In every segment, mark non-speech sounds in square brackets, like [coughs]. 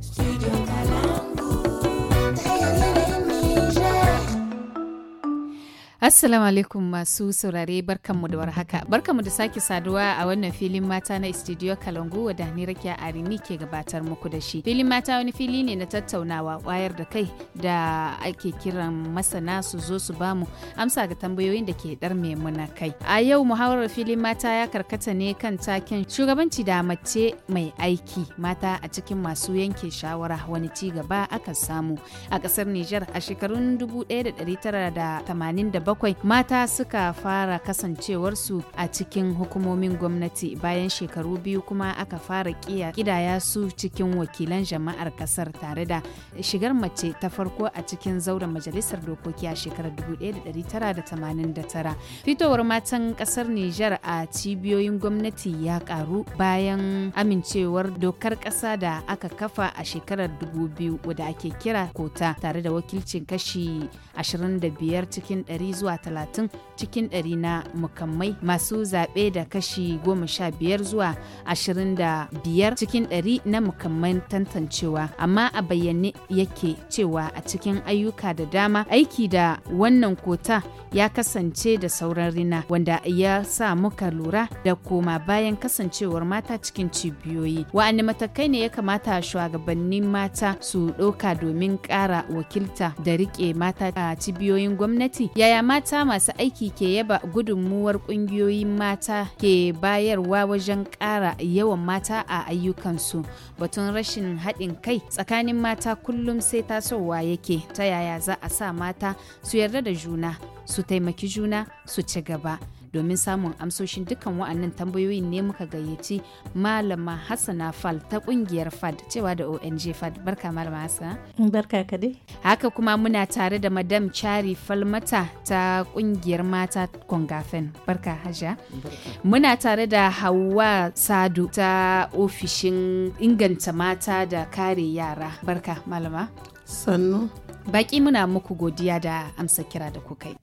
Studio Kalangu. Assalamu alaikum masu saurare barkanmu da warhaka. Barkanmu da sake saduwa a wannan filin mata na Studio Kalangu wa Dani Rakiya Arimi ke gabatar muku da shi. Filin mata wani fili ne na tattaunawa wayar da kai da ake kiran masana su zo su bamu amsa ga tambayoyin da ke darme muna kai. A yau muhawarar filin mata ya karkata ne kan taken shugabanci da mace mai aiki mata a cikin masu yanke shawara wani ci gaba aka samu a kasar Nijar a shekarun 1980 bakwai mata suka fara kasancewarsu a cikin hukumomin gwamnati bayan shekaru biyu kuma aka fara kidaya su cikin wakilan jama'ar kasar tare da shigar mace ta farko a cikin zauren majalisar dokoki a shekarar 1989 fitowar matan kasar Nijar a cibiyoyin gwamnati ya karu bayan amincewar dokar kasa da aka kafa a shekarar 2000 wadda ake kira kota tare da wakilcin kashi 25 cikin 100 zuwa zuwa talatin cikin 100 na mukammai masu zaɓe da kashi goma sha biyar zuwa ashirin da biyar cikin 100 na mukamman tantancewa amma a bayyane yake cewa a cikin ayyuka da dama aiki da wannan kota ya kasance da sauran rina wanda ya sa muka lura da koma bayan kasancewar mata cikin cibiyoyi wa'anne matakai ne ya kamata shugabannin mata su ɗauka domin ƙara wakilta da riƙe mata a cibiyoyin gwamnati yaya mata masu aiki ke yaba gudunmuwar kungiyoyin mata ke bayarwa wajen ƙara yawan mata a ayyukansu batun rashin haɗin kai tsakanin mata kullum sai tasowa yake ta yaya za a sa mata su yarda da juna su taimaki juna su ci gaba domin samun amsoshin dukkan wa'annan tambayoyin ne muka gayyaci malama hassana fal ta kungiyar fad cewa da ong fad barka malama hassana barka ka dai haka kuma muna tare da madam chari falmata ta kungiyar mata kongafen barka hajja muna tare da hawa sadu ta ofishin inganta mata da kare yara barka malama sannu baki muna muku godiya da amsa kira da kukai.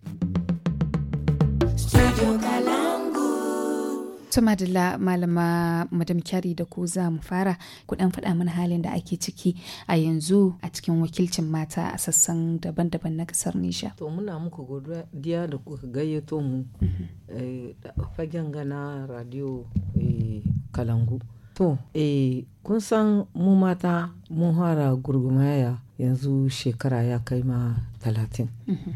madalla malama madam kyari da ku za mu fara kudan faɗa mana halin da ake ciki a yanzu a cikin wakilcin mata a sassan daban-daban na ƙasar nisha to muna muku godiya da kuka gayyato mu eh, fagen gana radio eh, kalangu to eh, kun san mu mata mun fara gurgumaya yanzu shekara ya kai ma talatin mhm.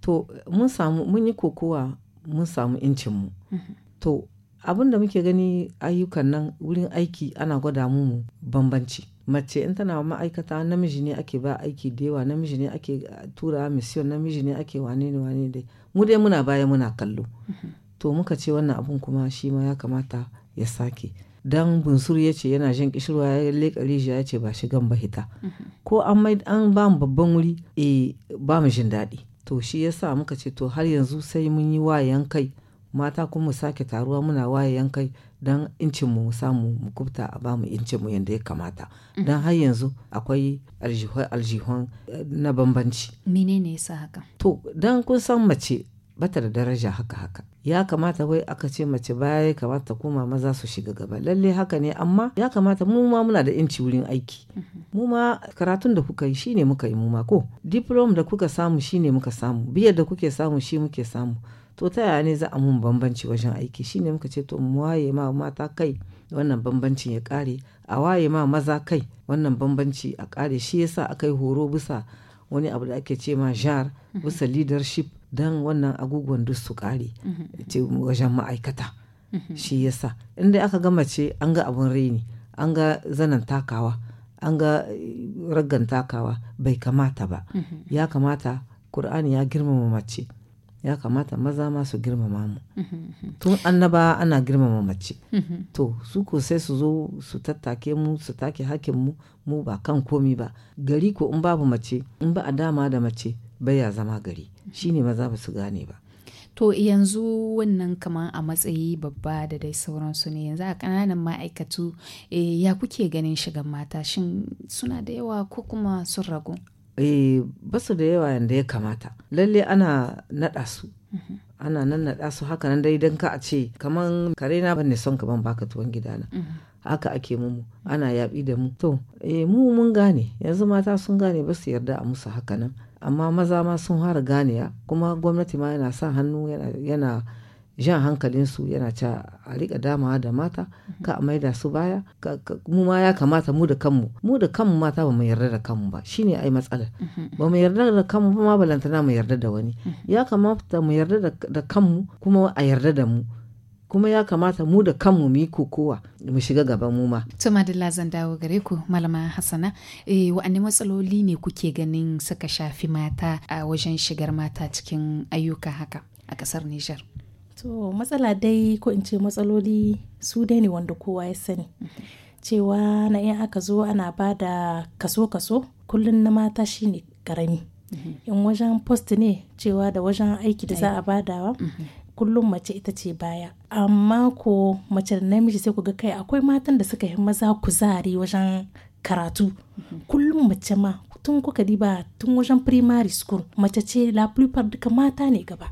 to mun samu mun yi kokowa mun samu mu. Mhm. to abin da muke gani ayyukan nan wurin aiki ana gwada mu bambanci mace in tana ma'aikata namiji ne ake ba aiki da yawa namiji ne ake tura mission namiji ne ake wane ne wane dai mu dai muna baya muna kallo mhm. to muka ce wannan abun kuma shi ma ya kamata ya sake dan bunsuru ya ce yana jin kishirwa ya leƙa rijiya ya ce ba shigan ba hita mhm. ko an an ba mu babban wuri e ba mu jin daɗi to shi yasa muka ce to har yanzu sai mun yi wayan kai mata kuma sake taruwa muna wayan kai don incin mu samu mu kubta a bamu incin mu yadda ya kamata mm. don har yanzu akwai aljihon na bambanci menene yasa haka to don kun san mace bata da daraja haka haka ya kamata wai aka ce mace baya ya kamata ta koma maza su shiga gaba lalle haka ne amma ya kamata mu ma muna da inci wurin aiki mhm. mu ma karatun da kuka yi shine muka yi mu ma ko diplom da kuka samu shine muka samu biyar da kuke samu shi muke samu to ta yaya ne za a mun bambanci wajen aiki shine muka ce to mu waye ma mata kai wannan bambancin ya kare a waye ma maza kai wannan bambanci a kare shi yasa aka yi horo bisa wani abu da ake ce ma jar mhm. bisa leadership don wannan agogon duk su kare mhm. wajen ma'aikata mhm. shi yasa inda aka gama ce an ga abun raini an ga zanen takawa an ga eh, raggan takawa bai kamata ba ya kamata Kur'ani ya girmama mace ya kamata maza ma su girmama mu mm-hmm. tun annaba ana girmama mace mm-hmm. to su ko sai su zo su tattake mu su take hakin mu mu ba kan komi ba gari ko in babu mace in ba a dama da mace bai baya zama gari mm-hmm. shine maza ba su gane ba to yanzu wannan kamar a matsayi babba da dai sauransu ne yanzu a kananan ma'aikatu eh, ya kuke ganin shigan mata shin suna da yawa ko kuma sun ragu eh basu da yawa yanda ya kamata lalle ana naɗa su mhm. ana nan naɗa su haka nan dai don ka a ce kaman kare na ban ne son ka ban baka tuwon gida na. Mhm. haka ake mu ana yaɓi da mu to eh mu mun gane yanzu mata sun gane ba su yarda a musu haka nan amma maza ma sun fara ganeya kuma gwamnati ma yana sa hannu yana jan hankalinsu yana ca a riƙa damawa da mata ka a maida su baya mu ma ya kamata mu da kanmu mu da kanmu mata ba mu yarda da kanmu ba shine ai matsalar mhm. ba mu yarda da kanmu ma balantana mu yarda da wani mhm. ya kamata mu yarda da kanmu kuma a yarda da mu kuma ya kamata mu da kanmu mu yi kokowa mu shiga gaba mu ma. To Madalla zan dawo gare ku Malama Hassana, eh wa'anne matsaloli ne kuke ganin suka shafi mata a wajen shigar mata cikin ayyuka haka a ƙasar Nijar? To matsala dai ko in ce matsaloli su dai ne wanda kowa ya sani. Cewa na in aka zo ana ba da kaso-kaso kullum na mata shi ne ƙarami. In wajen post ne cewa da wajen aiki da za a ba wa kullum mace ita ce baya. Amma ko mace da namiji sai ku ga kai akwai matan da suka yi maza kuzari wajen karatu. Kullum mace ma tun kuka diba tun wajen primary school mace ce la plupart duka mata ne gaba.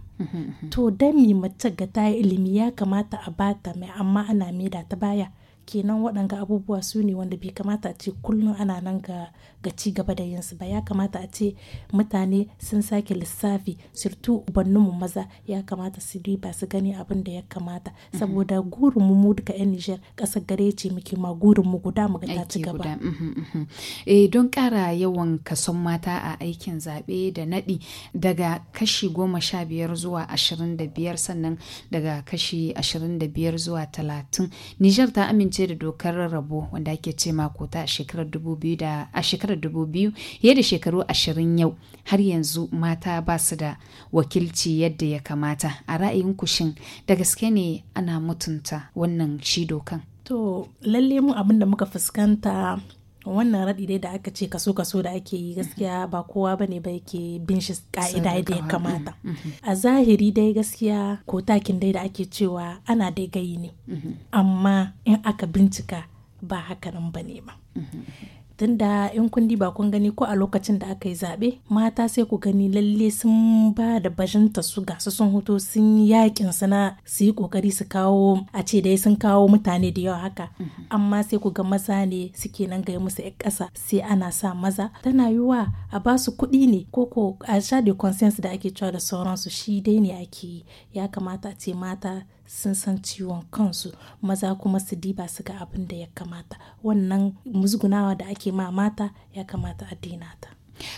to dan mi mace ga ta ilimi ya kamata a bata mai amma ana da ta baya kenan waɗanga abubuwa su ne wanda bai kamata a ce kullum ana nan ga ga ci gaba da yinsu ba ya kamata a ce mutane sun sake lissafi surtu mu maza ya kamata su riba su gani abin da ya kamata mhm. saboda gurin mu duka yan nijar kasar gare ce muke ma gurin mu guda mu ga ta ci gaba mhm, mhm. eh don ƙara yawan kason mata a aikin zaɓe da naɗi daga kashi goma sha biyar zuwa ashirin da biyar sannan daga kashi ashirin da biyar zuwa talatin nijar ta amince da dokar rabo wanda ake ce kota a shekarar dubu biyu da a shekarar shekarar 2000 fiye da shekaru ashirin yau har yanzu mata ba su da wakilci yadda ya kamata a ra'ayin kushin da gaske ne ana mutunta wannan shi dokan. To lalle mu abin da muka fuskanta wannan raɗi dai da aka ce kaso kaso da ake yi gaskiya ba kowa bane ba yake bin shi ka'ida yadda ya kamata mm-hmm. a zahiri dai gaskiya ko takin dai da ake cewa ana dai gayi ne mm-hmm. amma in aka bincika ba hakanan ba ne mm-hmm. ba da in kundi ba kun gani ko a lokacin da aka yi zaɓe mata sai ku gani lalle sun ba da bajinta su ga su sun hoto sun yakin sana su yi kokari su kawo a ce dai sun kawo mutane da yawa haka mhm. amma sai ku ga maza ne suke nan ga musu yan ƙasa sai ana sa maza tana yiwa a ba su kuɗi ne ko ko a sha da consensus da ake cewa da sauransu shi dai ne ake yi ya kamata a ce mata sun san ciwon kansu maza kuma su diba su ga abin da ya kamata wannan musgunawa da ake ma mata ya kamata a dina ta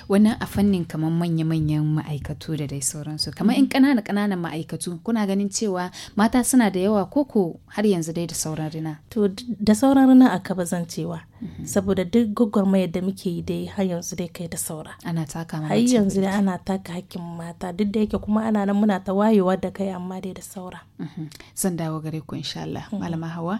wannan a fannin kamar manya-manyan ma'aikatu da dai sauransu kamar in ƙananan ƙananan ma'aikatu kuna ganin cewa mata suna da yawa koko har yanzu dai da sauran rina to da sauran rina a kaba zancewa saboda duk gwagwarmayar da muke yi dai har yanzu dai kai da saura ana taka har yanzu dai ana taka hakkin mata duk da yake kuma ana nan muna ta wayewa da kai amma dai da saura mhm. zan dawo gare ku insha Allah mhm. malama hawa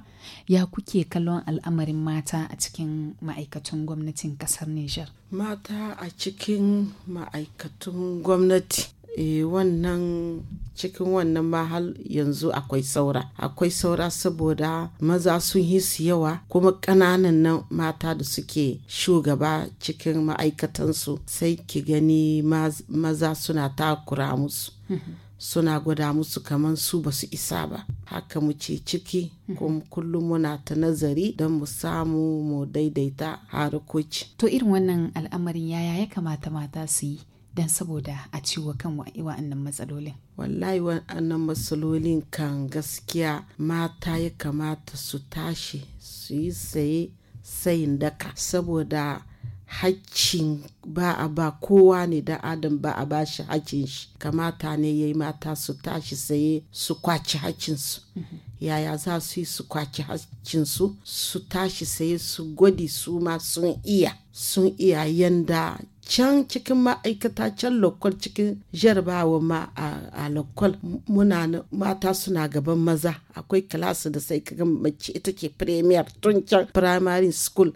ya kuke kallon al'amarin mata a cikin ma'aikatan gwamnatin kasar Niger mata a cikin ma'aikatun gwamnati eh wannan cikin wannan ma yanzu akwai saura akwai saura saboda maza sun yi su yawa kuma ƙananan na mata da suke shugaba cikin ma'aikatansu sai ki gani maza suna takura musu mhm. suna gwada musu kamar su ba su isa ba haka mu ce ciki mhm. kuma kullum muna ta nazari don mu samu mu daidaita harkoci to irin wannan al'amarin yaya ya kamata mata su yi don saboda a ciwo kan wa'annan matsalolin? Wallahi wa'annan matsalolin kan gaskiya mata ya kamata su tashi su yi saye sayin daka saboda haccin ba a ba kowa ne da adam ba a bashi haccin shi kamata ne ya yi mata su tashi saye su kwaci haccinsu mm-hmm. yaya za su yi su kwaci haccinsu su tashi saye su gwadi su ma sun iya sun iya yanda can cikin ma'aikata can lokal cikin jarabawa ma a lokal muna mata suna gaban maza akwai kilasi da sai kaga mace ita ke premier tun can primary school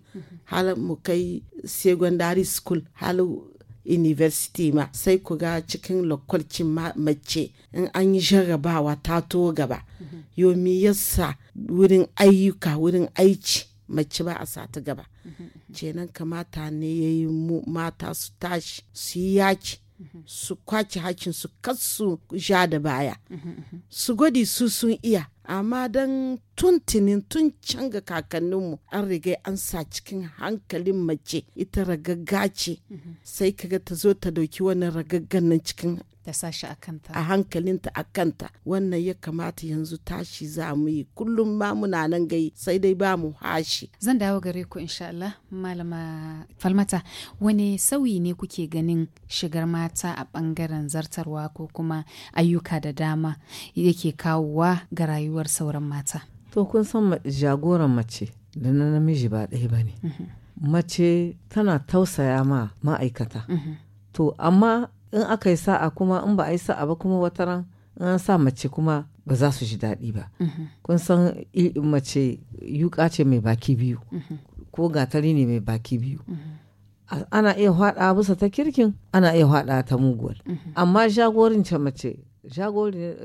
hal mu kai secondary school hal university ma sai ku ga cikin lokwalcin mace in an yi jarabawa ta to gaba yomi yasa wurin ayyuka wurin aici mace ba a sata gaba kenan kamata ne ya yi mata su tashi su yi yaki su kwace hakin su kasu ja da baya su gwadi su sun iya amma don tuntunin tun can kakanninmu an riga an sa cikin hankalin mace ita ragagga ce sai kaga ta zo ta dauki wannan ragaggan nan cikin ta sashi a kanta a hankalinta a kanta wannan ya kamata yanzu tashi za mu yi kullum ma muna nan gai sai dai ba mu hashi zan dawo gare ku insha Allah malama falmata wani sauyi ne kuke ganin shigar mata a bangaren zartarwa ko kuma ayyuka da dama yake kawowa ga rayuwar sauran mata to kun san jagoran mace da na namiji ba ɗaya bane mhm. mace tana tausaya ma ma'aikata mhm. to amma in aka yi sa'a kuma in ba a yi sa'a ba kuma wata ran an sa mace kuma ba za su ji daɗi ba mhm. kun san mace yuka ce mai baki biyu mhm. ko gatari ne mai baki biyu mhm. ana iya haɗa bisa ta kirkin ana iya haɗa ta muguwar amma jagorin ce mace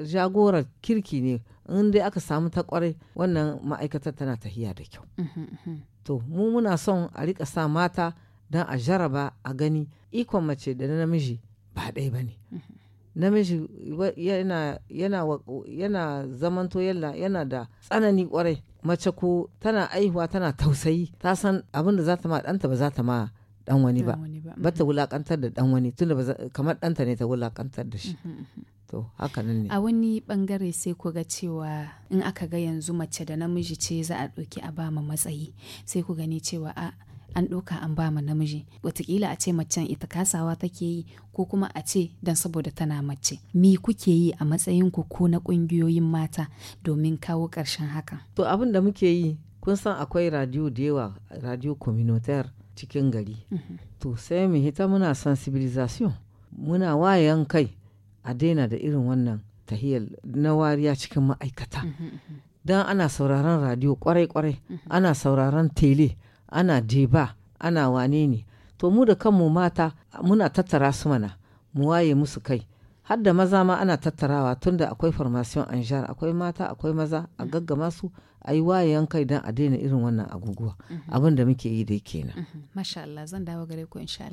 jagorar kirki ne in dai aka samu ta kwarai wannan ma'aikatar tana tahiya da kyau to mu muna son a rika sa mata don a jaraba a gani ikon mace da na namiji ba ɗaya ba ne mm-hmm. namiji yana yana yana da tsanani kwarai mace ko tana aihuwa tana tausayi ta san abin da za ta ma ɗanta ba za ta ma dan wani ba ba ta mm-hmm. wulaƙantar da dan wani tunda kamar ɗanta ne ta wulaƙantar da shi mm-hmm, to haka nan ne a wani bangare sai ku ga cewa in aka ga yanzu mace da namiji ce za a ɗauki a ba ma matsayi sai ku gani cewa a an ɗauka an ba ma namiji watakila a ce macen ita kasawa take yi ko kuma a ce don saboda tana mace mi kuke yi a matsayin ku ko na ƙungiyoyin mata domin kawo ƙarshen haka. to abin da muke yi kun san akwai radio da yawa radio communautaire cikin gari mhm. to sai mu hita muna sensibilisation muna wayan kai a daina da irin wannan tahiyar na wariya cikin ma'aikata mhm, mhm. don ana sauraron radio kwarai-kwarai ana sauraron tele ana deba ana wane ne to mu da kanmu mata muna tattara su mana mu waye musu kai har da maza ma ana tattarawa tunda akwai formation anjar akwai mata akwai maza a gaggama su a yi wayan kai don a daina irin wannan aguguwa mhm. abin da muke yi dai kenan. Mhm. Masha Allah zan dawo gare ku insha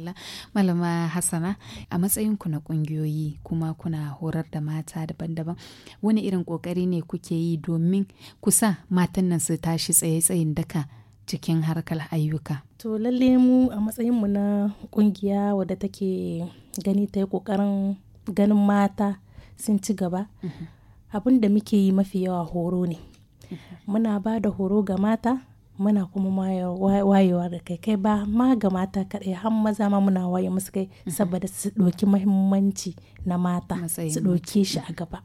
Malama Hassana a matsayin ku na kungiyoyi kuma kuna horar da mata daban-daban wani irin kokari ne kuke yi domin kusa matan nan su tashi tsaye-tsayin daka cikin harkar ayyuka? To lalle mu a matsayinmu na kungiya wadda take gani ta yi ƙoƙarin ganin mata sun ci gaba. Mhm. Abin da muke yi mafi yawa horo ne. Mhm. Muna ba da horo ga mata, muna kuma wayewa da kai kai ba ma ga mata kaɗai har maza ma muna waye musu kai mhm. saboda su ɗauki mahimmanci na mata su ɗauke shi a gaba.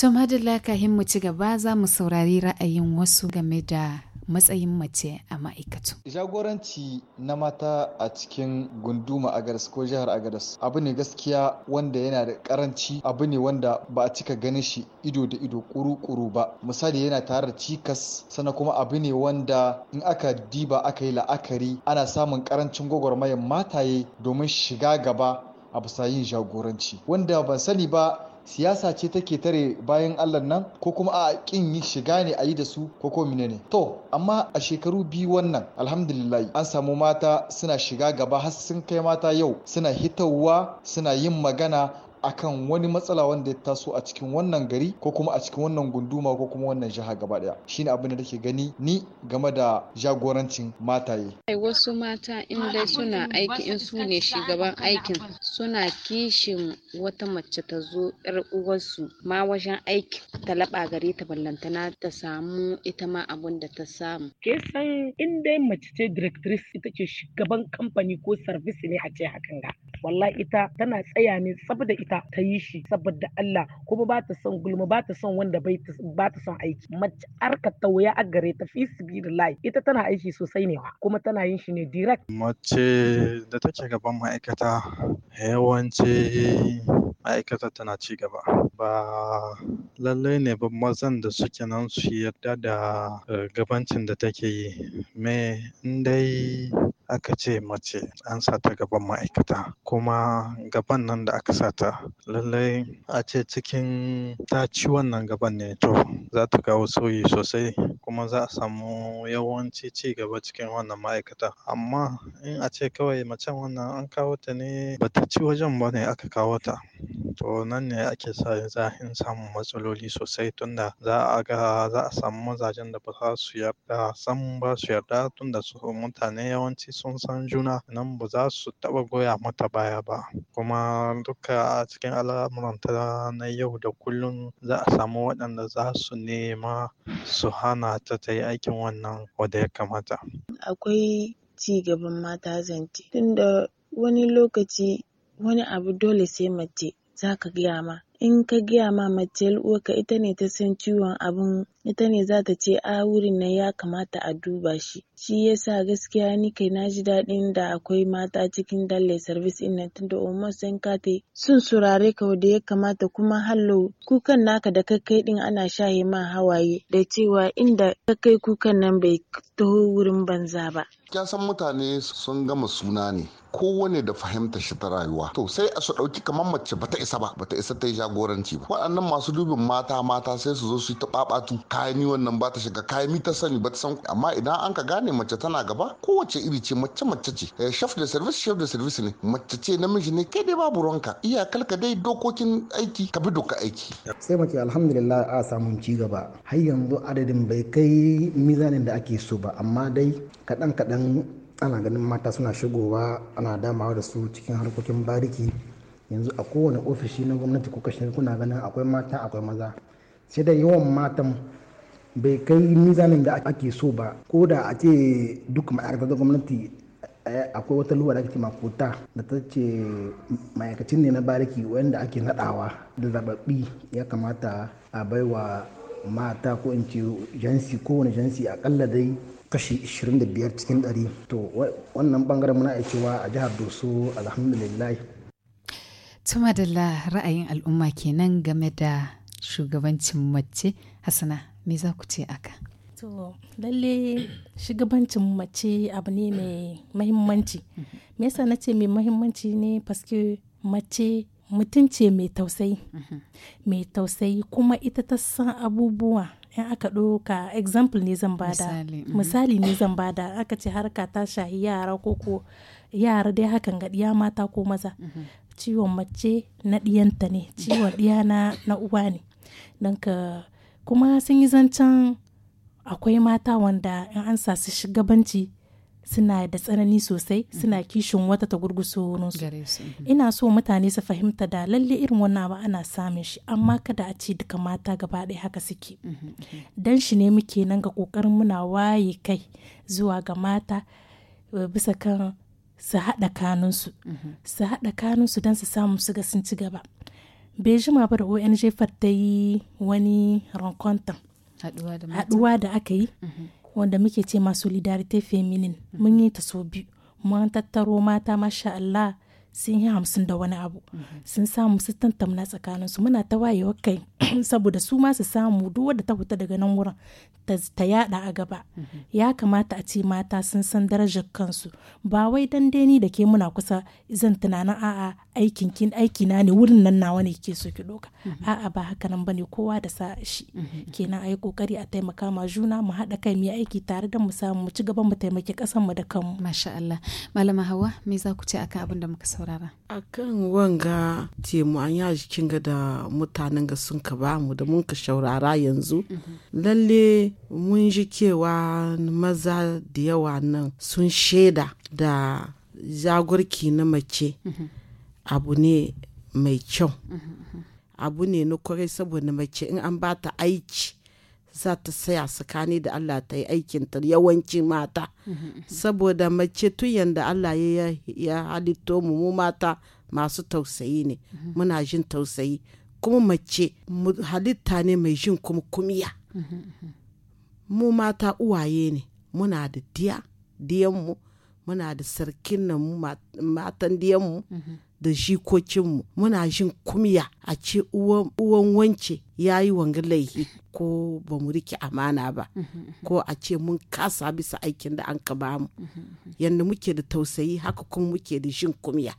To madalla kahin mu ci gaba za mu saurari ra'ayin wasu game da matsayin mace a ma'aikatu. Jagoranci na mata a cikin gunduma Agadas ko jihar Agadas abu ne gaskiya wanda yana da karanci abu ne wanda ba a cika ganin shi ido da ido kuru-kuru ba. Misali yana tare da cikas sana kuma abu ne wanda in aka diba aka yi la'akari ana samun karancin gwagwarmayar mataye domin shiga gaba a bisa yin jagoranci. Wanda ban sani ba siyasa ce take tare bayan allah nan ko kuma a kin yi shiga ne a yi da su ko ko ne to amma a shekaru biyu wannan alhamdulillah an samu mata suna shiga gaba har sun kai mata yau suna hitawa suna yin magana akan wani matsala wanda ya taso a cikin wannan gari ko kuma a cikin wannan gunduma ko kuma wannan jiha gaba daya shine abin da take gani ni game da jagorancin mataye wasu mata in dai suna aiki in su ne shugaban aikin suna kishin wata mace ta zo yar uwarsu ma wajen aiki ta laba gare ta ballantana ta samu ita ma abin da ta samu ke san in dai mace ce directrice ita ce shugaban kamfani ko service ne a ce hakan ga wallahi ita tana tsaya ne saboda ita ta ta yi shi saboda Allah kuma ba ta son gulma ba ta son wanda bai ba ta son aiki mace arka ta wuya a gare ta fi sabilillahi ita tana aiki sosai ne kuma tana yin shi ne direct mace da take gaban ma'aikata yawanci ma'aikata tana ci gaba ba lallai ne ba mazan da suke nan su yarda da eh, gabancin da take yi me in dai aka ce mace an sata gaban ma'aikata kuma gaban nan da aka sata lallai a ce cikin ta ci wannan gaban ne to za ta kawo sauyi sosai kuma za a samu yawanci ci gaba cikin wannan ma'aikata amma in a ce kawai macen wannan an kawo ta ne ba ta ci wajen ba ne aka kawo ta to nan ne ake sa zahin samu matsaloli sosai tunda za a ga za a samu mazajen da ba za su yarda san ba su yarda tunda su mutane yawanci sun san juna nan ba za su taɓa goya mata baya ba kuma duka a cikin al'amuranta na yau da kullum za a samu waɗanda za su nema su hana ta ta yi aikin wannan wanda ya kamata akwai ci gaban mata zance tunda wani lokaci wani abu dole sai mace za ka gaya ma in ka gaya ma mace uwarka ita ne ta san ciwon abun ita ne za ta ce a wurin nan ya kamata a duba shi shi yasa gaskiya ni kai na ji daɗin da akwai mata cikin dalle service in nan tunda umma sun ka ta sun surare ka da ya kamata kuma hallo kukan naka da kai ɗin ana shaye ma hawaye da cewa inda kai kukan nan bai taho wurin banza ba san mutane sun gama suna ne kowane da fahimta shi ta rayuwa to sai a su dauki kamar mace bata isa ba bata isa ta yi jagoranci ba waɗannan masu dubin mata mata sai su zo su yi ta ɓaɓatu kayan yi wannan ba ta shiga kayan mi ta sani ba ta san amma idan an ka gane mace tana gaba kowace iri ce mace mace ce eh, chef de service chef de service ne mace ce namiji ne kai dai babu ranka. iyakar ka dai dokokin aiki ka bi doka aiki sai mace alhamdulillah a samun ci gaba har yanzu adadin bai kai mizanin da ake so ba amma dai kaɗan kaɗan dan ana ganin mata suna shigowa ana damawa da su cikin harkokin bariki yanzu a kowane ofishi na gwamnati ko kashe kuna ganin akwai mata akwai maza sai da yawan matan bai kai mizanin da ake so ba ko da a ce duk ma'aikatar gwamnati eh, akwai wata luwa da ake ma kota da ta ce ma'aikacin ne na bariki wanda ake nadawa da zababbi ya kamata a baiwa mata ko in ce jansi kowane jansi akalla dai kashi 25 cikin 100 to wannan bangaren muna cewa a jihar doso alhamdulillah tuma da ra'ayin al'umma kenan game da shugabancin mace hasana me za ku ce aka to lalle shugabancin mace abu ne mai mahimmanci mhm. me yasa na ce mai mahimmanci ne paske mace mutum mai tausayi mhm. mai tausayi kuma ita ta san abubuwa in aka ɗauka example ne zan bada mhm. misali ne zan bada aka ce harka ta shahi yara ko ko yara dai hakan ga ɗiya mata ko maza mhm. ciwon mace na ɗiyanta ne ciwon ɗiya na uwa ne don ka kuma sun yi zancen akwai mata wanda in an sasu shugabanci suna da tsanani sosai suna mm-hmm. kishin wata ta gurguso wurinsu mm-hmm. ina so mutane su fahimta da lalle irin wannan ba ana samun shi amma mm-hmm. kada a ce duka mata gaba ɗaya haka suke dan shi ne muke nan ga kokarin muna waye kai zuwa ga mata e, bisa kan su haɗa kanunsu su haɗa kanunsu don su samu su ga sun ci gaba bai jima ba da ong fat ta yi wani rencontre haɗuwa da aka yi wanda muke ce ma solidarite feminine mun yi ta so biyu mun tattaro mata masha Allah sun yi hamsin da wani abu sun samu su tantamna tsakanin su muna ta wayewa kai [clears throat] saboda su ma su samu duk wadda ta fita daga nan wurin ta yada a gaba ya kamata a ce mata sun san darajar kansu ba wai dan ni da ke muna kusa zan tunanin a'a aikin kin aiki na ne wurin nan nawa ne ke so ki doka a'a ba haka nan bane kowa da sa shi kenan ai kokari a taimaka ma juna mu haɗa kai mu aiki tare da mu samu mu ci gaba mu taimaki kasan mu da kanmu masha Allah malama Hawwa me za ku ce akan abin da muka saurara a kan wanga temu an ya jikin ga da mutanen ga sun ka bamu da mun ka shaurara yanzu mhm. lalle mun ji kewa maza da yawa nan sun shaida da zagurki na mace mhm. abu ne mai kyau mhm, abu ne na kwarai saboda mace in an bata aiki za ta saya tsakani da Allah ta yi aikinta yawanci mata saboda mace tun yadda Allah ya halitto mu mu mata masu tausayi ne muna jin tausayi kuma mace halitta ne mai jin kuma kumiya mu mata uwaye ne muna da diya diyanmu muna da sarkin nan matan diyanmu da jikokinmu muna jin kumya a ce uwan wance ya yi wangan laihi ko ba mu rike amana ba ko a ce mun kasa bisa aikin da an ka bamu yadda muke da tausayi haka kuma muke da jin kumya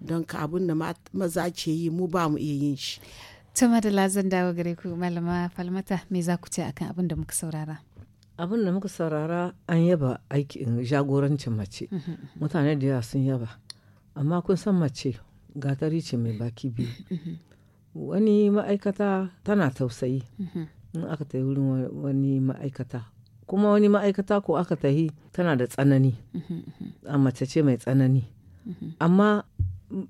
don ka abin da maza ce yi mu ba mu iya yin shi tuma da lazan dawo gare ku malama falmata me za ku ce akan abin da muka saurara abin da muka saurara an yaba aikin jagorancin mace mhm. mutane da yawa sun yaba amma kun san mace gatari ce mai baki biyu wani ma'aikata tana tausayi in aka ta wurin wani ma'aikata kuma wani ma'aikata ko aka ta tana da tsanani a mace ce mai tsanani amma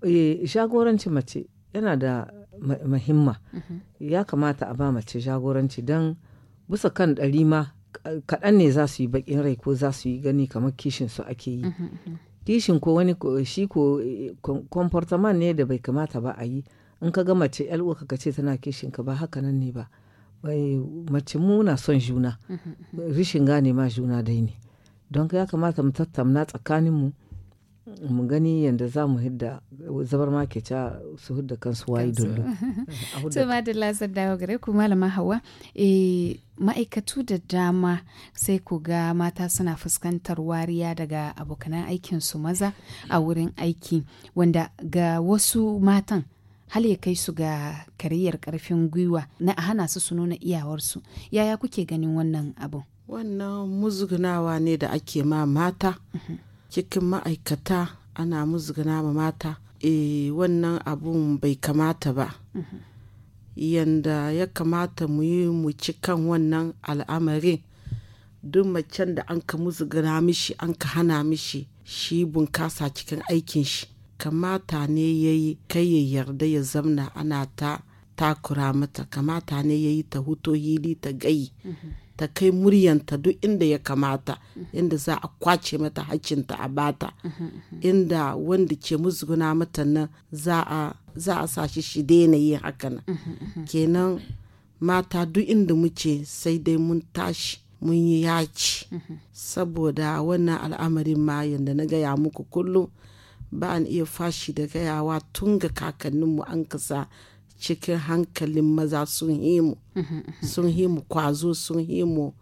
eh, jagoranci mace yana da mahimma ya kamata a ba mace jagoranci don bisa kan ɗari ma kaɗan ne za su yi baƙin rai ko za su yi gani kamar kishin su ake yi kishin ko wani shi ko eh, comportement ne da bai kamata ba a yi in ka ga mace yar uwa ka ce tana kishin ka ba haka nan ne ba mace mu na son juna mm-hmm, mm-hmm. rishin gane ma juna dai ne don ya kamata mu tattauna tsakanin mu mu gani yadda za mu hidda zabar ma ke ca su hidda kansu wayi dundu. [laughs] to ma da lasar dawo gare ku malama hawa eh, ma'aikatu da dama sai ku ga mata suna fuskantar wariya daga abokanan aikin su maza a wurin aiki wanda ga wasu matan hal ya kai su ga kariyar karfin gwiwa na hana su su nuna iyawarsu yaya kuke ganin wannan abu. wannan muzgunawa ne da ake ma mata mhm. cikin ma'aikata ana musgana ma mata e wannan abun bai kamata ba mm-hmm. yanda ya kamata mu yi mu ci kan wannan al'amarin duk macen da an ka musgana mishi an ka hana mishi shi bunkasa cikin aikin shi kamata ne ya yi kai ya yarda ya zamna ana ta takura mata kamata ne ya yi ta huto hili ta gayi mm-hmm. ta kai muryanta duk inda ya kamata inda za a kwace mata hacinta a bata inda wanda ke musguna mata nan za a sa shi shi daina yin hakan kenan mata duk inda muke sai dai mun tashi mun yi yaci saboda wannan al'amarin ma yadda na gaya muku kullum ba an iya fashi da gayawa tun ga kakanninmu an kasa cikin hankalin maza sun himu sun himu kwazo sun himu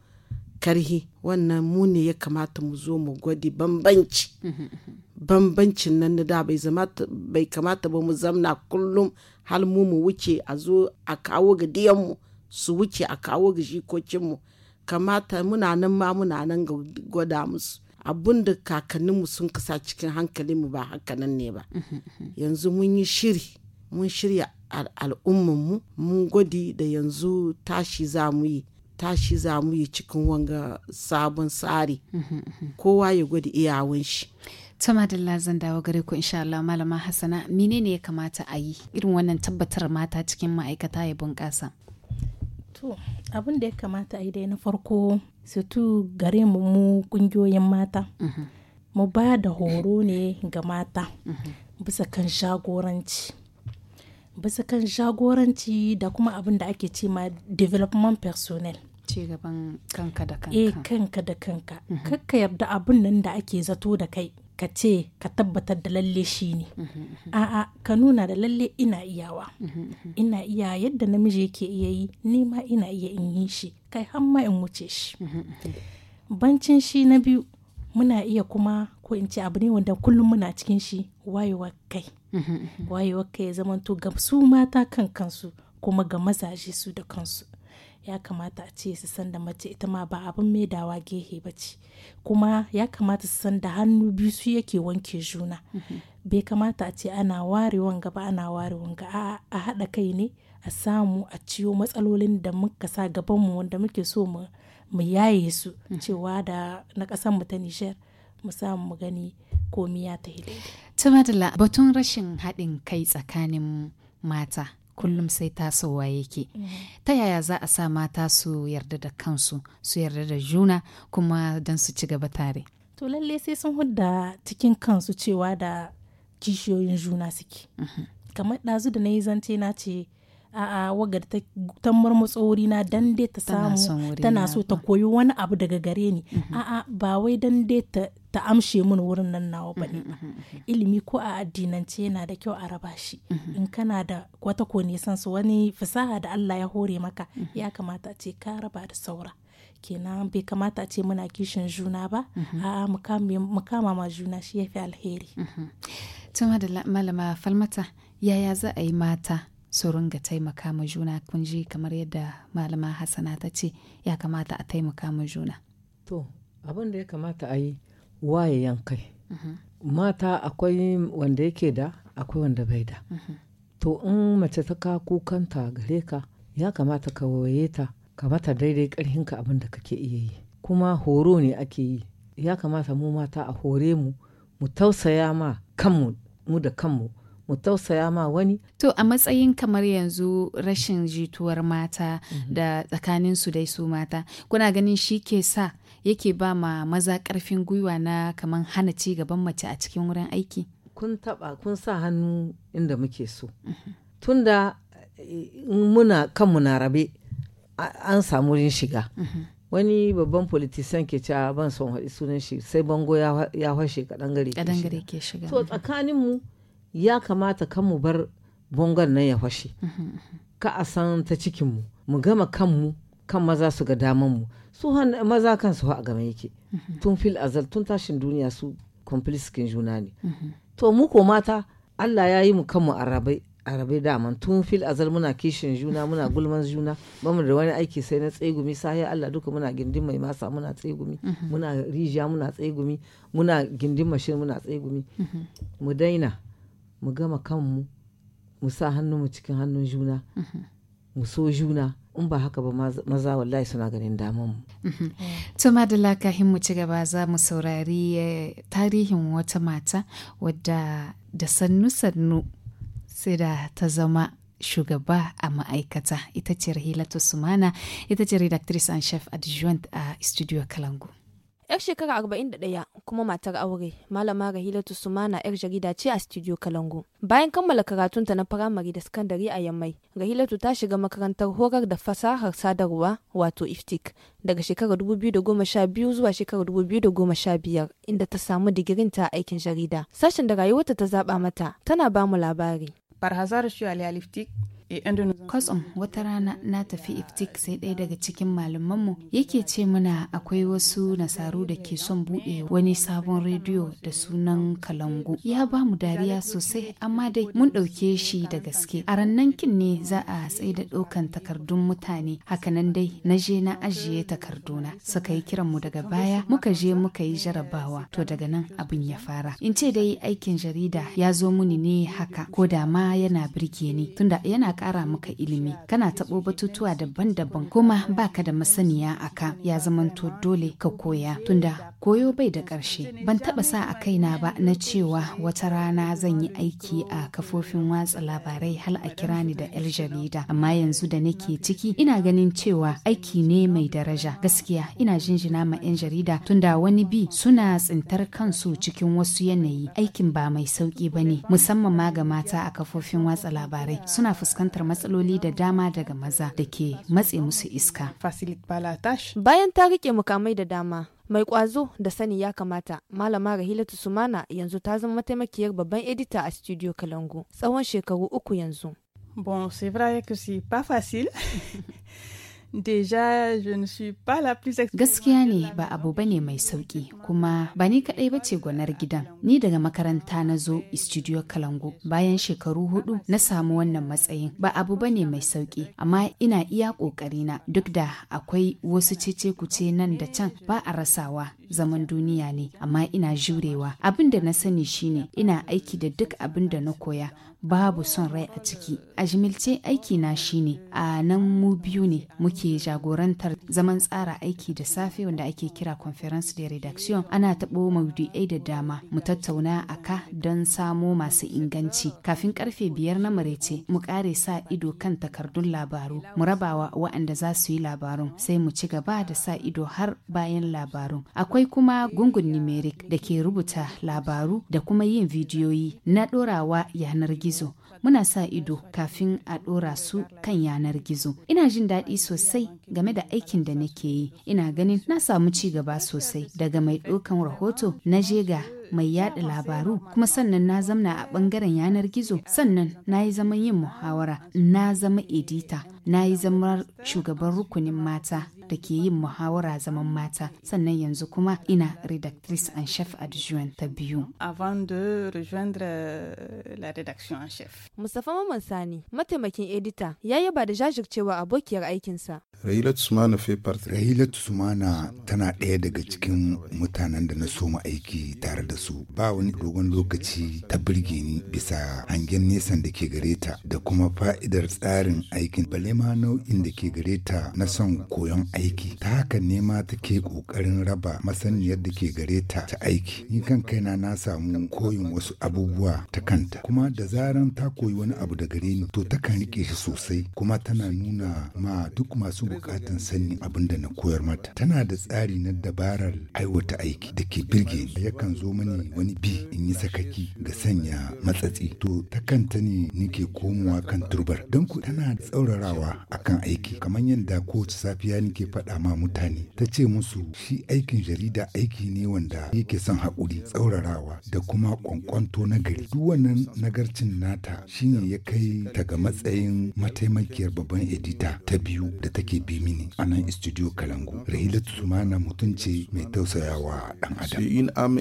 karhi wannan mu ne ya kamata mu zo mu gwadi bambanci bambancin nan da bai kamata ba mu zamna kullum hal mu mu wuce a zo a kawo ga diyanmu su wuce a kawo ga jikokinmu kamata muna nan ma muna nan ga gwada musu abun da kakanninmu sun kasa cikin hankalinmu ba hakanan ne ba yanzu mun yi shiri mun shirya al'ummanmu mu gwadi da yanzu tashi za mu yi tashi za mu yi cikin wanga sabon tsari kowa ya gwadi iyawun shi tama da zan dawo gare ku insha Allah malama Hassana menene ya kamata a yi irin wannan tabbatar mata cikin ma'aikata ya bunƙasa to abin da ya kamata a yi dai na farko sutu gare mu mu kungiyoyin mata mhm. mu ba da horo ne ga mata mhm. bisa kan shagoranci bisa kan jagoranci da kuma abin da ake ce ma development personnel cigaban kanka da kanka eh kanka da kanka mm -hmm. kakka yarda abin nan da ake zato da kai ka ce ka tabbatar da lalle shi ne mhm, mhm. a'a ka nuna da lalle ina iyawa mhm, ina iya yadda namiji yake iya yi ni ma ina iya in yi shi kai har ma in wuce shi bancin shi na biyu muna iya kuma ko in ce abu ne wanda kullum muna cikin shi wayewa kai Mm-hmm, mm-hmm. wayewar ka ya zamanto ga su mata kan kansu kuma ga mazaje su da kansu ya kamata a ce su san da mace ita ma ba abin maidawa gehe ba ce kuma ya kamata su san da hannu biyu su yake wanke juna mm-hmm. bai kamata a ce ana ware wanga ba ana ware wanga a haɗa kai ne a samu a ciwo matsalolin da muka sa gabanmu wanda muke so mu yaye su cewa da na ƙasar mu ta nishar mu samu mu gani komi ya batun rashin haɗin kai tsakanin mata kullum sai tasowa yake mm-hmm. ta yaya za a sa mata su yarda da kansu su yarda da juna kuma don su ci gaba tare to lalle sai sun hudda cikin kansu cewa da kishiyoyin juna suke mm-hmm. kamar ɗazu da na yi zance na ce a'a wagar ta ta murmutso wuri na dan dai ta samu tana so ta koyi wani abu daga gare ni mm-hmm. a'a ba wai dan dai ta amshe min wurin nan nawa bane mm-hmm, mm-hmm, ilimi ko a addinance yana da kyau a raba shi in kana da wata ko nisan su wani fasaha da Allah ya hore maka ya kamata ce ka raba da saura kenan bai kamata ce muna kishin juna ba a'a mu kama ma juna shi yafi alheri tuma da malama falmata yaya za a yi mata su ringa taimaka ma juna kun ji kamar yadda malama hassana ta ce ya kamata a taimaka ma juna to abin da ya kamata a yi waye yankai mhm. mata akwai wanda yake da akwai wanda bai da mhm. to in mace ta ka kukanta gare ka ya kamata ka waye ta ka mata daidai karhinka abin da kake iya yi kuma horo ne ake yi ya kamata mu mata a hore mu mu tausaya ma kanmu mu da kanmu mu tausaya ma wani to a matsayin kamar yanzu rashin jituwar mata mhm. da tsakanin su dai su mata kuna ganin shi ke sa yake ba ma maza karfin gwiwa na kamar hana ci gaban mace a cikin wurin aiki kun taba kun sa hannu inda muke so mhm. tunda eh, muna kanmu na rabe an samu rin shiga mhm. wani babban politician ke cewa ban son haɗi sunan shi sai bango ya hashe kaɗan gare ke shiga so tsakaninmu ya kamata kan mu bar bongon nan ya fashe ka a san ta cikinmu mu gama kanmu kan maza su ga damanmu su maza kansu a game yake tun fil azal tun tashin duniya su kwamfilisikin juna ne to mu ko mata allah ya yi mu kanmu arabai rabai daman tun fil azal muna kishin juna muna gulman juna bamu da wani aiki sai na tsegumi sahi Allah duka muna gindin mai masa muna tsegumi muna rijiya muna tsegumi muna gindin mashin muna tsegumi mu daina mu gama kanmu mu sa hannunmu cikin hannun juna mm-hmm. mu so juna in ba haka ba maza wallahi suna ganin damanmu. Mm-hmm. to da kahin mu ci gaba za mu saurari eh, tarihin wata mata wadda da sannu-sannu sai da ta zama shugaba a ma'aikata ita ce rahilatu sumana ita ce redactress and chef adjoint a studio kalangu. 'yar shekara arba'in 41 kuma matar aure malama rahilatu sumana 'yar jarida ce a studio kalango bayan kammala karatunta na firamare da sakandare a yammai rahilatu ta shiga makarantar horar da fasahar sadarwa wato iftik daga shekarar 2012 zuwa shekara shekarar 2015 inda ta samu digirinta a aikin jarida sashen da rayuwarta ta zaba mata tana ba mu labari Barhazar Shuali Aliftik Eh, Kwatsam wata rana na tafi iftik sai ɗaya daga cikin malamanmu yake ce mana akwai wasu nasaru da ke son buɗe wani sabon rediyo da sunan Kalangu. Ya ba mu dariya sosai amma dai mun ɗauke shi da gaske. A rannan kin ne za a da ɗaukan takardun mutane hakanan dai na je na ajiye takarduna suka yi kiran mu daga baya muka je muka yi jarabawa to daga nan abin ya fara. In ce dai aikin jarida ya zo muni ne haka ko da ma yana birge ni tunda yana kara maka ilimi kana taɓo batutuwa daban-daban kuma baka da masaniya aka ya zamanto dole ka koya tunda koyo bai da ƙarshe ban taɓa sa a kaina ba na cewa wata rana zan yi aiki a kafofin watsa labarai hal a kira ni da 'yar jarida amma yanzu da nake ciki ina ganin cewa aiki ne mai daraja gaskiya ina jinjina ma 'yan jarida tunda wani bi suna tsintar kansu cikin wasu yanayi aikin ba mai sauki bane musamman ma ga mata a kafofin watsa labarai suna fuskantar fuskantar matsaloli da dama daga maza da ke matse musu iska. Bayan ta rike mukamai da dama, mai ƙwazo da sani ya kamata malama rahilatu sumana yanzu ta zama mataimakiyar babban edita a studio kalangu tsawon shekaru uku yanzu bon c'est vrai que c'est pas facile [laughs] Gaskiya ne ba abu ba ne mai sauki kuma ba ni kaɗai ba ce gwanar gidan. Ni daga makaranta na zo Studio Kalango bayan shekaru hudu na samu wannan matsayin ba abu ba ne mai sauki amma ina iya ƙoƙarina duk da akwai wasu cece kuce nan da can ba a rasawa zaman duniya ne amma ina jurewa abin da na sani shine ina aiki da duk abin da na koya babu son rai a ciki a jimilce aiki na shine a nan mu biyu ne muke jagorantar zaman tsara aiki da safe wanda ake kira conference de redaction ana taɓo maudu'ai da dama mu tattauna a ka don samo masu inganci kafin karfe biyar na marece mu kare sa ido kan takardun labaru mu rabawa waɗanda za su yi labarun sai mu ci gaba da sa ido har bayan labarun akwai Akwai kuma gungun numeric da ke rubuta labaru da kuma yin vidiyoyi na dorawa yanar gizo. Muna sa ido kafin a dora su kan yanar gizo. Ina jin daɗi sosai game da aikin da nake yi. Ina ganin na samu ci gaba sosai daga mai ɗaukan rahoto na jega mai yada labaru kuma sannan na zamna a ɓangaren yanar gizo sannan na yi zaman yin muhawara na zama edita na yi zamar shugaban rukunin mata da ke yin muhawara zaman mata sannan yanzu kuma ina redactrice en chef adjoint ta biyu. Avant de rejoindre euh, la rédaction en chef. Mustapha Maman Sani, mataimakin edita, ya yaba da jajircewa abokiyar aikinsa. Rahilat Sumana Fepart. Rahila Sumana tana ɗaya daga cikin mutanen da na so mu aiki tare da su. Ba wani dogon lokaci ta birge ni bisa hangen nesan da ke gare ta da kuma fa'idar tsarin aikin balema nau'in da ke gare ta na son koyon aiki. aiki ta haka ne ma take ƙoƙarin raba masaniyar da ke gare ta ta aiki ni kan kaina na samu koyin wasu abubuwa ta kanta kuma da zaran ta koyi wani abu da gare ni to ta kan rike shi sosai kuma tana nuna ma duk masu bukatan sani abin da na koyar mata tana da tsari na dabarar aiwata aiki da ke birge ni yakan zo mani wani bi in yi sakaki ga sanya matsatsi to ta kanta ne nike komowa kan turbar don ku tana tsaurarawa akan aiki kamar yadda kowace safiya nike faɗa ma mutane ta ce musu shi aikin jarida aiki ne wanda yake son haƙuri tsaurarawa da kuma ƙwanƙwanto na gari duk wannan nagarcin nata shine ya kai ta ga matsayin mataimakiyar babban edita ta biyu da take bi mini a nan studio kalangu rahilatu sumana mutum mai tausayawa dan adam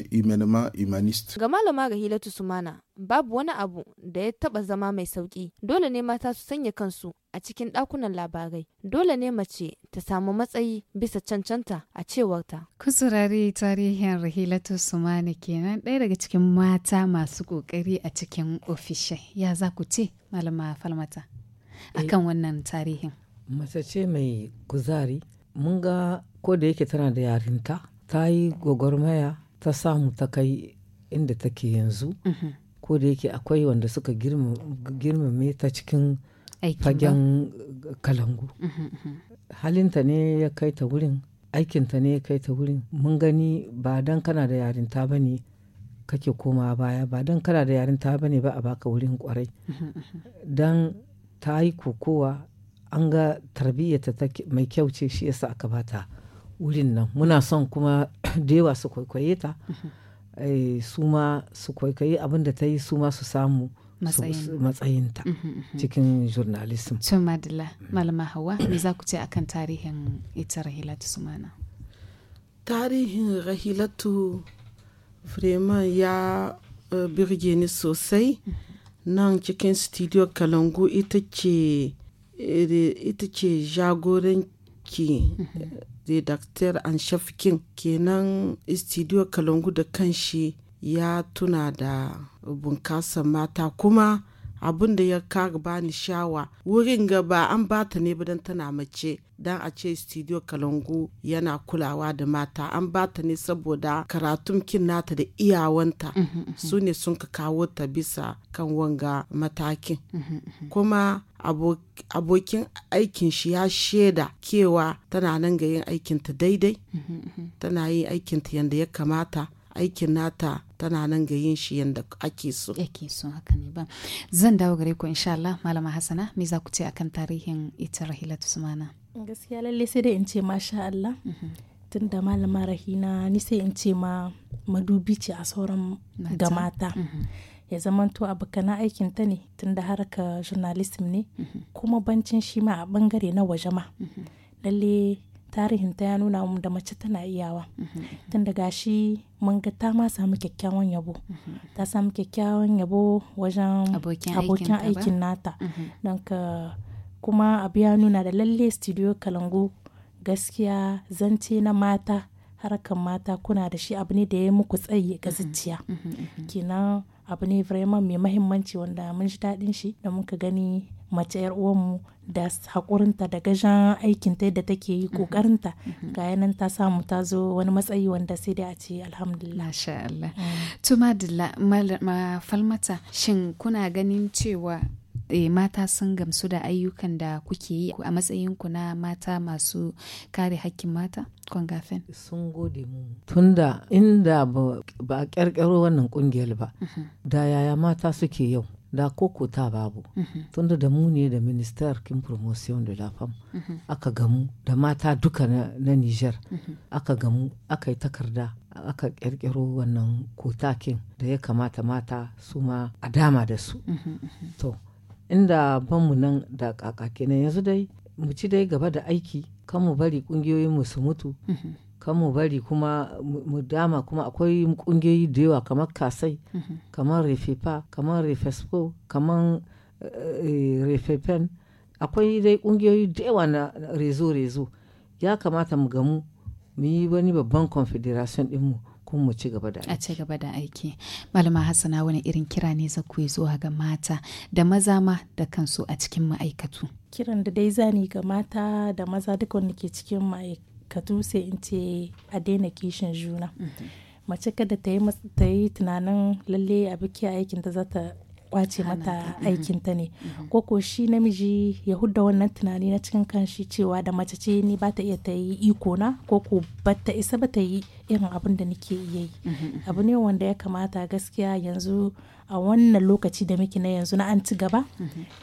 ga malama rahilatu sumana babu wani abu da ya taba zama mai sauki dole ne mata su sanya kansu a cikin ɗakunan labarai dole ne mace ta samu matsayi bisa cancanta a cewarta. kusurari tarihin Rahilatu Sumani kenan ɗaya daga cikin mata masu kokari a cikin ofishe ya za ku ce malama falmata akan eh, wannan tarihin. Mace ce mai kuzari mun ga ko da yake tana da yarinta ta yi gwagwarmaya ta samu ta kai inda take yanzu mhm. ko da yake akwai wanda suka girmame ta cikin fagen uh, kalangu uhm, uhm, uhm. halinta ne ya kai ta wurin aikinta ne ya kai ta wurin mun gani ba dan kana da yarinta ba ne kake koma baya ba dan kana da yarinta ba ne ba a baka wurin kwarai dan ta yi kokowa an ga tarbiyyata ta mai kyau ce shi yasa aka bata wurin nan muna son kuma [coughs] da su kwaikwaye ta eh, su ma su kwaikwaye abin da ta yi su ma su samu matsayinta cikin journalism. Tun malama hawa me za ku ce akan tarihin ita rahilatu sumana? Tarihin rahilatu vraiment ya eh, birge ni sosai nan cikin studio kalangu ita ce eh, ita ce jagoranki redaktar an kenan studio kalangu da kanshi ya tuna da bunkasan mata kuma abin da ya ba ni shawa wurin ga ba an bata ne ba don tana mace don a ce studio kalangu yana kulawa da mata an bata ne saboda karatun kin nata da iyawanta mhm, mhm, mhm. su ne sun ka kawo ta bisa kan wanga matakin kuma abokin aikin shi ya shaida kewa tana nan ga yin aikinta daidai tana yin aikinta yadda ya kamata aikin nata tana nan ga yin shi yadda ake so. Ake so haka ne ba. Zan dawo gare ku insha Allah Malama Hassana me za ku ce akan tarihin ita Rahila Tusmana? Gaskiya lalle sai dai in ce masha Allah. Mhm. Tun Malama Rahina ni sai in ce ma madubi ce a sauran ga mata. Mhm. ya zamanto kana aikin ta ne tunda da harka journalism ne mhm. kuma bancin shi ma a bangare na waje ma Tarihin ta ya nuna mu da mace tana iyawa mhm, mhm. tun gashi gashi mun ga ta ma samu kyakkyawan yabo mhm, ta samu kyakkyawan yabo wajen abokin aikin nata don ka kuma abu ya nuna da lalle studio kalangu gaskiya zance na mata harkar mata kuna da shi abu ne da ya yi muku tsayi ga zuciya kenan abu ne vraiment mai mahimmanci wanda mun ji daɗin shi da muka gani mace 'yar uwanmu da haƙurinta da gajen aikinta da take yi mhm. ƙoƙarinta mhm. ga yanan ta samu ta zo wani matsayi wanda sai dai a ce alhamdulillah. Allah. Mm. Tuma Dilla, ma falmata, shin kuna ganin cewa eh, mata sun gamsu da ayyukan da kuke yi a matsayinku na mata masu kare hakkin mata kwangafen? sun gode mu tunda inda ba a kyarkyaro wannan ƙungiyar ba mhm. da yaya mata suke yau da koko ta babu mhm. tunda da mu ne da minister kin promotion de la femme mhm. aka gamu da mata duka na niger mhm. aka gamu aka yi takarda aka kirkiro wannan kotakin da ya kamata mata su ma a dama da su to inda banmu nan da kakake yanzu dai mu ci dai gaba da aiki kan mu bari kungiyoyin mu su mutu kan mu bari kuma mu dama kuma akwai kungiyoyi da yawa kamar kasai mhm. kamar refepa kamar refesco kamar eh, eh, refepen akwai dai kungiyoyi da yawa na rezo-rezo ya kamata mu gamu mu yi wani babban confederation dinmu kuma mu ci gaba da aiki. A ci gaba da aiki. Malama Hassana wani irin kira ne za ku yi zuwa ga mata da maza ma da kansu a cikin ma'aikatu. Kiran da dai zani ga mata da maza duk wanda ke cikin ma'aikatu. ka tuse in ce a daina kishin juna mhm. mace kada ta yi tunanin lalle a biki aikin ta za ta kwace mata mhm. aikinta ne mhm. ko ko shi namiji ya hudda wannan tunani na cikin kanshi cewa da mace ce ni ba ta iya ta yi iko na ko ko ba ta isa ba ta yi irin abin da nake iya yi abu ne wanda ya kamata gaskiya yanzu a wannan lokaci da muke na yanzu na an ci gaba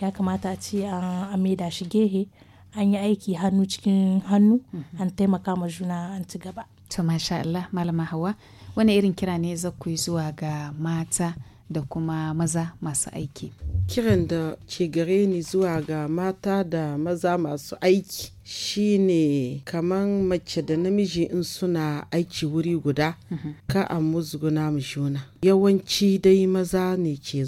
ya kamata a ce an da shi gehe an yi aiki hannu cikin hannu an taimaka ma juna an ci gaba to masha Allah malama hawa wani irin kira ne za ku yi zuwa ga mata da kuma maza masu aiki kiran da ke gare ni zuwa ga mata da maza masu aiki shine kaman mace da namiji in suna aiki wuri guda mhm. ka a muzguna mu juna yawanci dai maza ne ke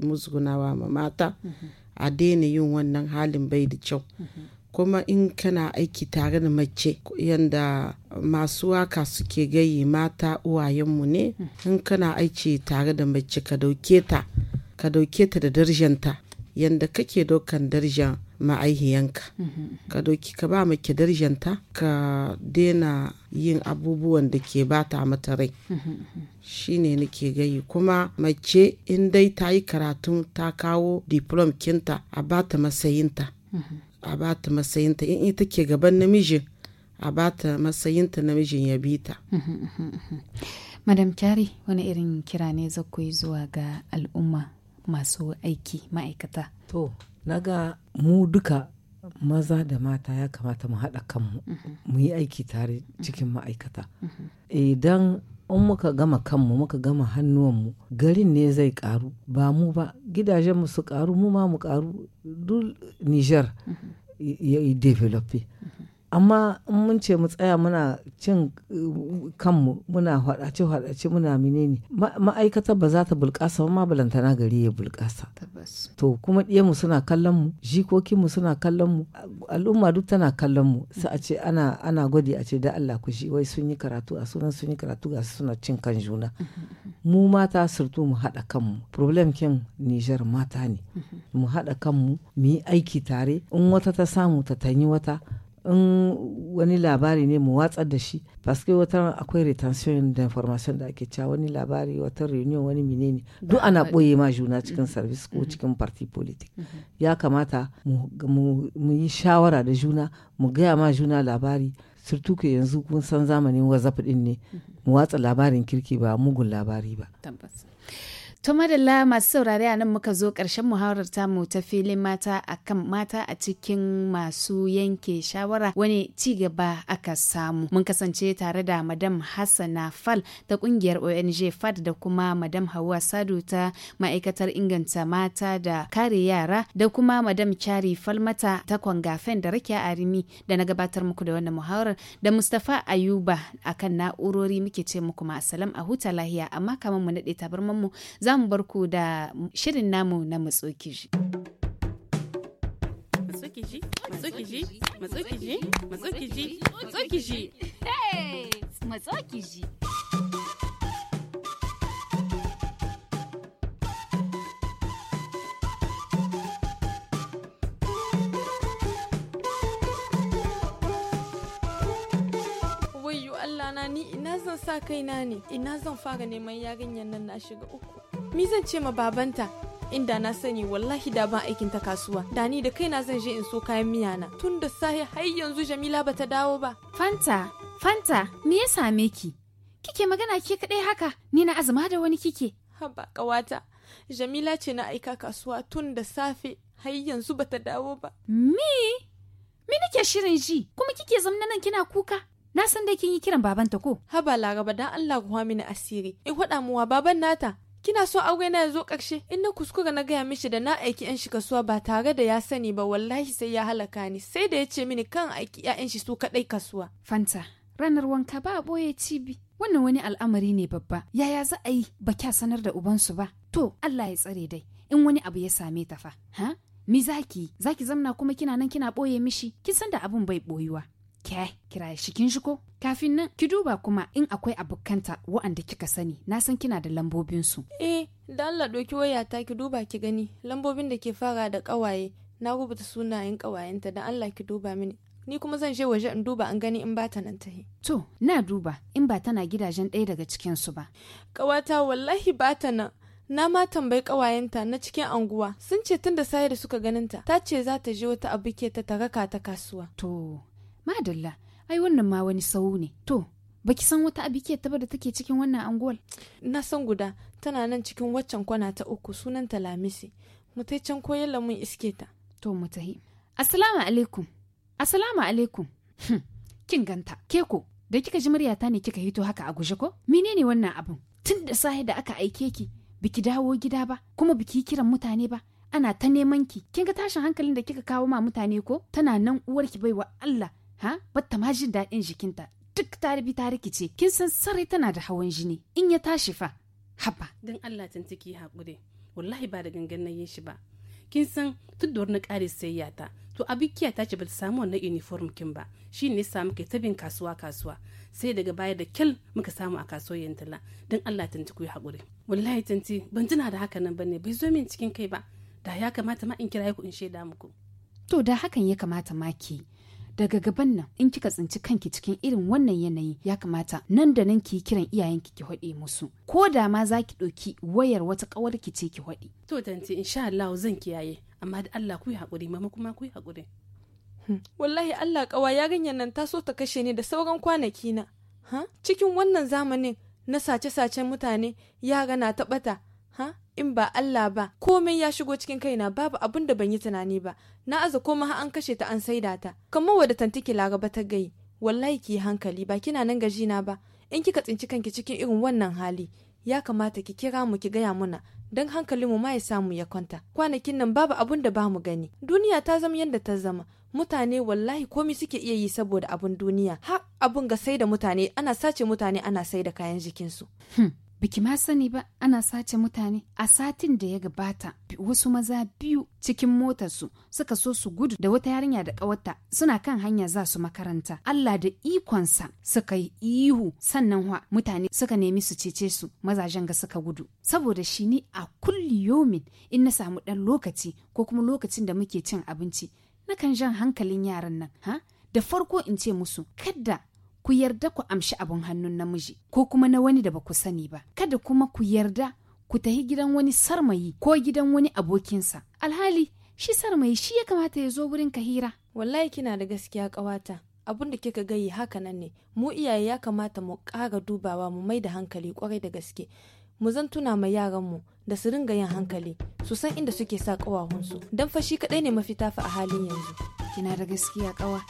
muzgunawa ma mata mhm. a daina yin wannan halin bai da kyau kuma in kana aiki tare da mace yadda masu waka suke gayi mata uwayenmu ne in kana aiki tare da mace ka dauke ta da darjanta yadda kake daukan darjan ma'aihiyanka ka doki ka ba mace darjanta ka daina yin abubuwan da ke bata mata rai shine nake gayi kuma mace in dai ta yi karatun ta kawo diplom kinta a bata matsayinta a bata matsayinta in ita ke gaban namijin a bata matsayinta namijin ya bi ta madam kyari wani irin kira ne zakwai zuwa ga al'umma masu aiki ma'aikata to Na ga mu duka maza da mata ya kamata mu haɗa kanmu mm-hmm. mu yi aiki tare cikin mm-hmm. ma'aikata mm-hmm. idan in muka gama kanmu muka gama hannuwanmu garin ne zai karu ba mu ba gidajen mu su karu mu ma mu karu duk niger ya yi amma in mun ce mu tsaya muna cin eh, kanmu muna hwadace hwadace muna menene ma'aikatar ba za ta bulƙasa ba ma balantana gari ya bulƙasa to kuma mu suna kallon mu jikokin mu suna kallon mu al'umma duk tana kallon mu sai a ce ana ana gwadi a ce da Allah ku shi wai sun yi karatu a sunan sun yi karatu ga suna cin kan juna [laughs] mu mata surtu mu haɗa kanmu problem kin Niger mata ne [laughs] mu haɗa kanmu mu yi aiki tare in wata ta samu ta tanyi wata in wani labari ne mu watsar da shi paske wata akwai retention da information da ake cewa wani labari wata reunion wani menene duk ana boye ma juna mm-hmm. cikin service ko mm-hmm. cikin party politics mm-hmm. ya kamata mu yi shawara da juna mu gaya ma juna labari surtu ke yanzu kun san zamanin whatsapp din ne mu watsa labarin kirki ba mugun labari ba To madalla masu saurare a nan muka zo ƙarshen muhawarar tamu ta filin mata akan mata a cikin masu yanke shawara wani ci gaba aka samu. Mun kasance tare da Madam Hassana Fal ta ƙungiyar ONG FAD da kuma Madam Hauwa Sadu ta ma'aikatar inganta mata da kare yara da kuma Madam Chari Falmata ta Kwangafen da Rakiya Arimi da na gabatar muku da wannan muhawarar da Mustapha Ayuba akan na'urori muke ce muku ma a huta lahiya amma kamar mu naɗe tabarmanmu za zan ku da shirin namu na matsokiji. Matsokiji, matsokiji, matsokiji, matsokiji, matsokiji. Matsokiji. Allah na ni ina zan sa kai na ne ina zan fara neman yarinyar nan na shiga uku mi zan ce ma babanta inda na sani wallahi da ban aikin ta kasuwa da ni da kaina zan je in so kayan miya na tun da sahi har yanzu Jamila bata dawo ba Fanta Fanta me ya same ki kike magana ke kadai haka ni na azuma da wani kike haba kawata Jamila ce na aika kasuwa tun da safe har yanzu bata dawo ba me me nake shirin ji kuma kike zamna nan kina kuka na san dai kin yi kiran babanta ko haba laraba dan Allah ku mini asiri in faɗa muwa baban nata Kina so aure na ya zo ƙarshe in na kuskura na gaya mishi da na aiki yan shi kasuwa ba tare da ya sani ba wallahi sai ya halaka ni sai da ya ce mini kan aiki yayan shi su kaɗai kasuwa. Fanta ranar wanka ba a ɓoye cibi wannan wani al'amari ne babba yaya za a yi ba kya sanar da ubansu ba to Allah ya tsare dai in wani abu ya same ta fa ha mi zaki zaki zamna kuma kina nan kina ɓoye mishi kin san da abun bai ɓoyuwa. kai kiraye shikin shi kafin nan ki duba kuma in akwai abokanta wa'anda kika sani na san kina da lambobinsu. su eh da Allah doki wayata ki duba ki gani lambobin da ke fara da kawaye na rubuta sunayen kawayenta da Allah ki duba mini ni kuma zan je waje in duba an gani in ba ta nan yi. to na duba in ba tana gidajen ɗaya daga cikin su ba kawata wallahi ba ta nan na ma tambayi ƙawayenta na cikin anguwa sun ce tun da saye da suka ganinta ta ce za ta je wata abu ke ta taraka ta kasuwa to madalla ai wannan ma wani sau ne to baki san wata abike taba da take cikin wannan anguwar na san guda tana nan cikin waccan kwana ta uku sunan ta lamisi mu tai can koyar mun iske ta to mu tahi assalamu alaikum assalamu alaikum hm, kin ganta ke ko da kika ji muryata ne kika hito haka a guje ko menene wannan abun. tun da sahi da aka aike ki biki dawo gida ba kuma biki kiran mutane ba ana ta neman ki kin ga tashin hankalin da kika kawo ma mutane ko tana nan uwarki baiwa Allah ha batta ma jin daɗin jikinta duk ta ta rikice kin san sarai tana da hawan jini in ya tashi fa haba dan Allah tantiki hakuri wallahi ba da gangan na yin shi ba kin san tuddor na ƙare sayayya ta to abikiya ta ce bata samu wannan uniform kin ba shi ne sa muka ta bin kasuwa kasuwa sai daga baya da kyal muka samu a kasuwar tala dan Allah tanti ku wallahi tanti ban tuna da haka nan bane bai zo min cikin kai ba da ya kamata ma in kira ku in shaida muku to da hakan ya kamata ma ki daga gaban nan in kika tsinci kanki cikin irin wannan yanayi ya kamata nan da nan ki kiran iyayenki ki haɗe musu ko da ma za ki ɗauki wayar wata ƙawar ki ce ki haɗe. to tanti insha Allah zan kiyaye amma da Allah ku yi haƙuri mama kuma ku yi haƙuri. Hmm. wallahi Allah ƙawa yarinyar nan ta so ta kashe ni da sauran kwanaki na. cikin wannan zamanin na sace-sacen mutane yara na ɓata ha in ba Allah ba komai ya shigo cikin kaina babu abin da ban yi tunani ba na aza koma ha an kashe ta an saida ta kamar wadda laga ba ta gai wallahi ki hankali ba kina nan gaji na ba in kika tsinci kanki cikin irin wannan hali ya kamata ki kira mu ki gaya muna don hankalinmu ma ya samu ya kwanta kwanakin nan babu abun da ba mu gani duniya ta zama yadda ta zama mutane wallahi komai suke iya yi saboda abun duniya ha abun ga sai da mutane ana sace mutane ana sai da kayan jikinsu hmm. Biki ma sani ba ana sace mutane a satin da ya gabata wasu maza biyu cikin motarsu suka so su gudu da wata yarinya da ƙawarta suna kan hanya za su makaranta. Allah da ikonsa suka yi ihu sannan wa mutane suka nemi su cece su mazajen ga suka gudu. Saboda shi ni a kulli yomin in na samu ɗan lokaci ko kuma lokacin da muke cin abinci nakan jan hankalin yaran nan ha da farko in ce musu kada ku yarda ku amshi abin hannun namiji ko kuma na wani da ba ku sani ba kada kuma ku yarda ku tahi gidan wani sarmayi ko gidan wani abokinsa alhali shi sarmayi shi ya kamata ya zo wurin ka hira wallahi kina da gaskiya kawata abun da kika gayi haka nan ne mu iyaye ya kamata mu ƙara dubawa mu mai da hankali kwarai da gaske mu zan tuna mai mu da su ringa yin hankali su san inda suke sa ƙawahunsu don fashi kaɗai ne mafita fa a halin yanzu kina da gaskiya kawa.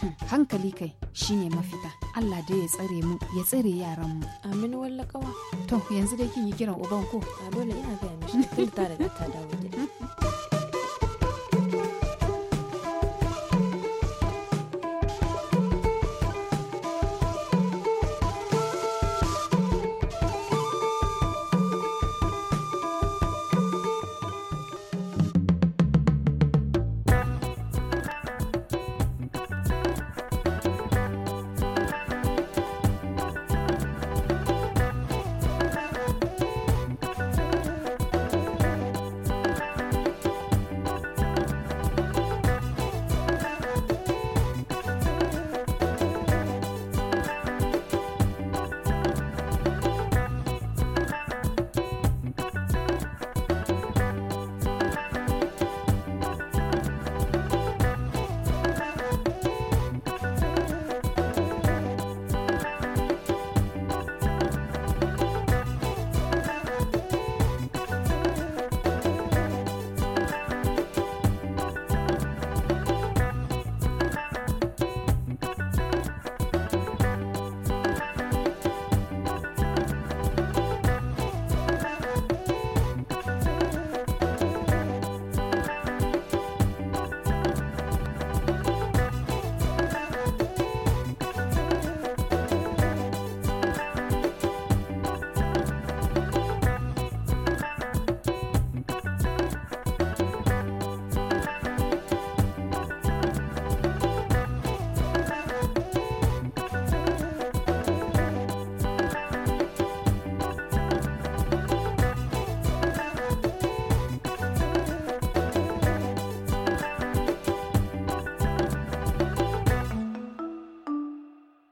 Hm, hankali kai shine mafita Allah dai ya tsare mu ya tsare yaran mu amin walla kawa to yanzu dai kin yi kiran uban ko a dole ina ga mishi tun ta da ta dawo [laughs]